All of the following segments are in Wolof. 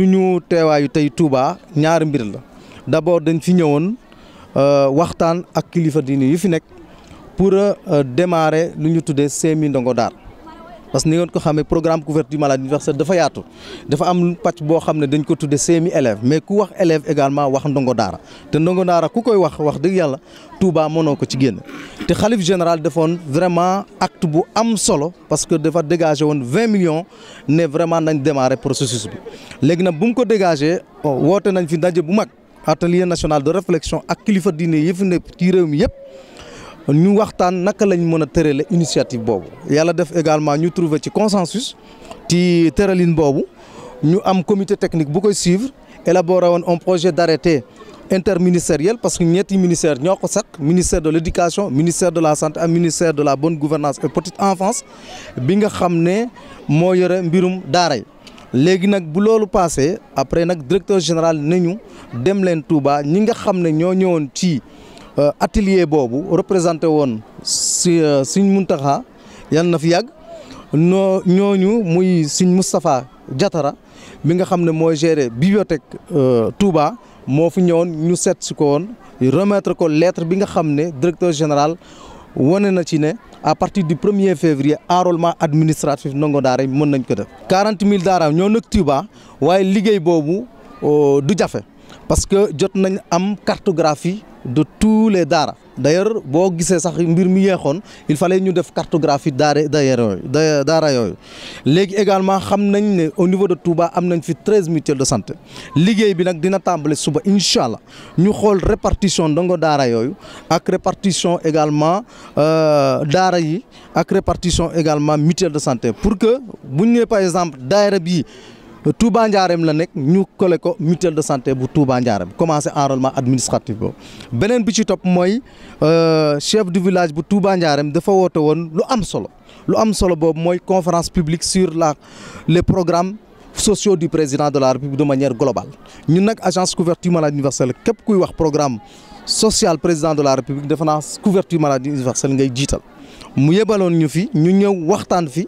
suñu teewaayu tey Touba ñaari mbir la d'abord dañ fi ñëwoon euh, waxtaan ak kilifa diine yi fi nekk pour euh, démarrer lu ñu tuddee seemi ndongo daar parce que ni ngeen ko xamee programme couverture maladie universelle dafa yaatu dafa am pàcc boo xam ne dañ ko tuddee seemi élève mais ku wax élève également wax ndongo daara te ndongo daara ku koy wax wax dëgg yàlla moo noo ko ci génn te xalif général defoon vraiment acte bu am solo parce que dafa dégagé woon vingt millions ne vraiment nañ démarrer processus bi léegi nag bu mu ko dégagé woote nañ fi ndaje bu mag atelier national de réflexion ak kilifa diine nekk ci réew mi yëpp ñu waxtaan naka lañu mën a tërale initiative boobu yàlla def également ñu trouver ci consensus ci tëralin boobu ñu am comité technique bu koy suivre élaborer woon un projet d'arrêté interministériel parce que ñetti ministère ñoo ko sax ministère de l'éducation ministère de la santé ak ministère de la bonne gouvernance et petite enfance bi nga xam ne moo yore mbirum daara léegi nag bu loolu passé après nag directeur général nañu dem leen Touba ñi nga xam ne ñoo ñëwoon ci Euh, atelier boobu représenté woon si euh, Sëñ Muntaxa yal na fi yàgg noo ñooñu muy Sëñ Moustapha jatara bi nga xam ne mooy gérer bibliothèque euh, Touba moo fi ñëwoon ñu seet si ko woon remettre ko lettre bi nga xam ne directeur général wane na ci ne à partir du premier février enrôlement administratif ndongo daara mën nañ ko def. quarante mille daara ñoo nag Touba waaye liggéey boobu du jafe. parce que jot nañ am cartographie de tous les daara d'ailleurs boo gisee sax mbir mi yeexoon il fallait ñu def cartographie daare daara daara yooyu léegi également xam nañ ne au niveau de Touba am nañ fi treize mutuelles de santé liggéey bi nag dina tàmbale suba incha allah ñu xool répartition ndongo daara yooyu ak répartition également euh, daara yi ak répartition également mutuelle de santé pour que bu ñu par exemple daara bii Touba Ndiarème la nekk ñu collé ko mutuelle de santé bu Touba Ndiarème commencé enrôlement administratif boobu beneen bi ci topp mooy euh, chef du village bu Touba Ndiarème dafa woote woon lu am solo lu am solo boobu mooy conférence publique sur la les programmes sociaux du président de la République de manière globale ñun nag agence couverture maladie universelle képp kuy wax programme social président de la République defe naa couverture maladie universelle ngay jiital mu yebaloon ñu fi ñu ñëw waxtaan fi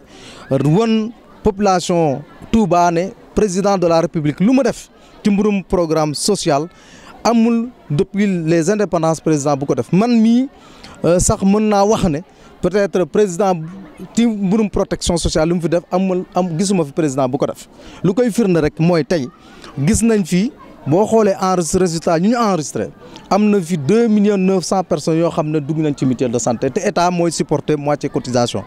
won population Touba ne président de la république lu ma def ci mbirum programme social amul depuis les indépendances président bu ko def man mii euh, sax mën naa wax ne peut-être président ci mbirum protection social lu mu fi def amul am gisuma fi président bu ko def lu koy firnde rek mooy tey gis nañ fi. boo xoolee enregistré résultat ñu ñu enregistré am na fi deux millions neuf cent personnes yoo xam ne dugg nañ ci mutuelle de santé te état mooy supporter moitié cotisation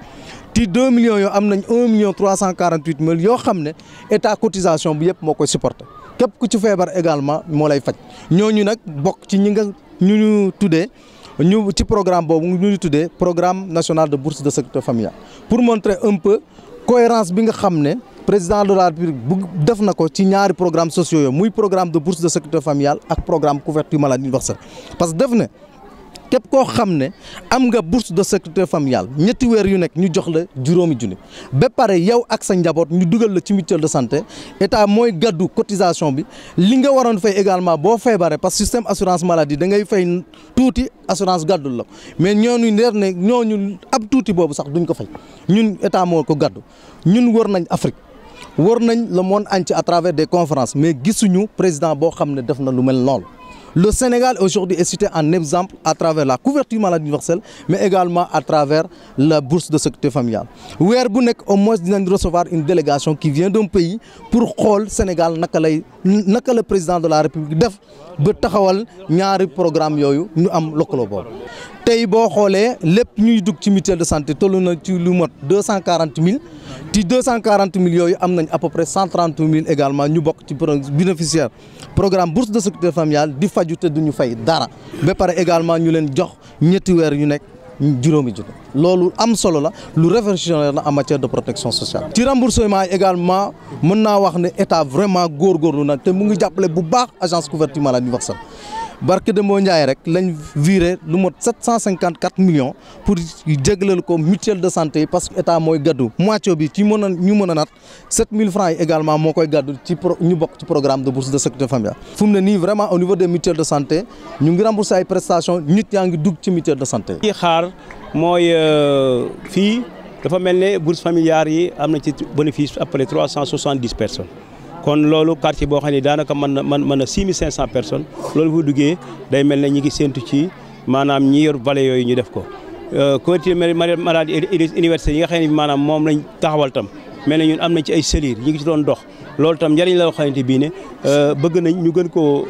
ci 2 millions yoo am nañ 1 million 348 mille yoo xam ne état cotisation bi yëpp moo koy supporté képp ku ci feebar également moo lay faj ñooñu nag bokk ci ñi nga ñu ñu tuddee ñu ci programme boobu ñu ñu tuddee programme national de bourse de sécurité familiale pour montrer un peu bi nga xam ne président de la République bu def na ko ci ñaari programme sociaux yooyu muy programme de bourse de sécurité familiale ak programme couverture maladie universelle parce que def na képp koo xam ne am nga bourse de sécurité familiale ñetti weer yu nekk ñu jox la juróomi junni béppare yow ak sa njaboot ñu dugal la ci mutuelle de santé état mooy gàddu cotisation bi li nga waroon fay également boo feebaree parce que système assurance maladie da ngay fay tuuti assurance gàddul la ko mais ñooñu leer ne ñooñu ab tuuti boobu sax duñ ko fay ñun état moo ko gàddu ñun wër nañ Afrique. wër nañ le monde entier à travers des conférences mais gisuñu président boo xam ne def na lu mel noonu Le Sénégal aujourd'hui est cité en exemple à travers la couverture maladie universelle mais également à travers la bourse de sécurité familiale weer bu nekk au moins dinañ recevoir une délégation qui vient d'un pays pour xool Sénégal naka lay naka la président de la République def ba taxawal ñaari programme yooyu ñu am lëkkaloo boobu. tey boo xoolee lépp ñuy dugg ci mutuelle de santé tollu na ci lu mot deux cent quarante mille ci deux cent quarante mille yooyu am nañ a peu près cent trente également ñu bokk ci bénéficiaire programme bourse de sécurité familiale di faju te duñu fay dara ba pare également ñu leen jox ñetti weer yu nekk juróomi junni loolu am solo la lu révolutionnaire la en matière de protection sociale ci remboursement également mën naa wax ne état vraiment góorgóorlu na te mu ngi jàppale bu baax agence couverture maladie universelle barke de moo Ndiaye rek lañ viré lu mot sept cent cinquante quatre millions ko mutuelle de santé yi parce que état mooy gaddu moitié bi ci mën a ñu mën nat sept mille francs yi moo koy gaddu ci ñu bokk ci programme de bourse de sécurité familiale fu mu ne nii vraiment au niveau des mutuelles de santé ñu ngi remboursé ay prestations nit yaa ngi dugg ci mutuelle de santé yi xaar mooy euh, fii dafa mel ne bourse familiale yi am na ci bénéfice à trois cent soixante dix personnes kon loolu quartier boo xam ne daanaka mën na man mën mën na 6500 personnes loolu bu duggee day mel ne ñi ngi séntu ci maanaam ñi yor vallée yooyu ñu def ko. Euh, couverture maladie universelle yi nga xam ne maanaam moom lañ taxawal tam mel ne ñun am nañ ci ay sëliir ñu ngi ci doon dox lool tam njëriñ la loo xamante bii ne euh, bëgg nañ ñu gën koo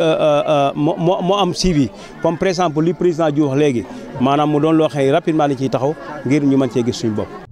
euh, moo moo am suivi comme par exemple li président Diouf wax léegi maanaam mu doon loo xam ne rapidement lañ ciy taxaw ngir ñu mën cee gis suñu bopp.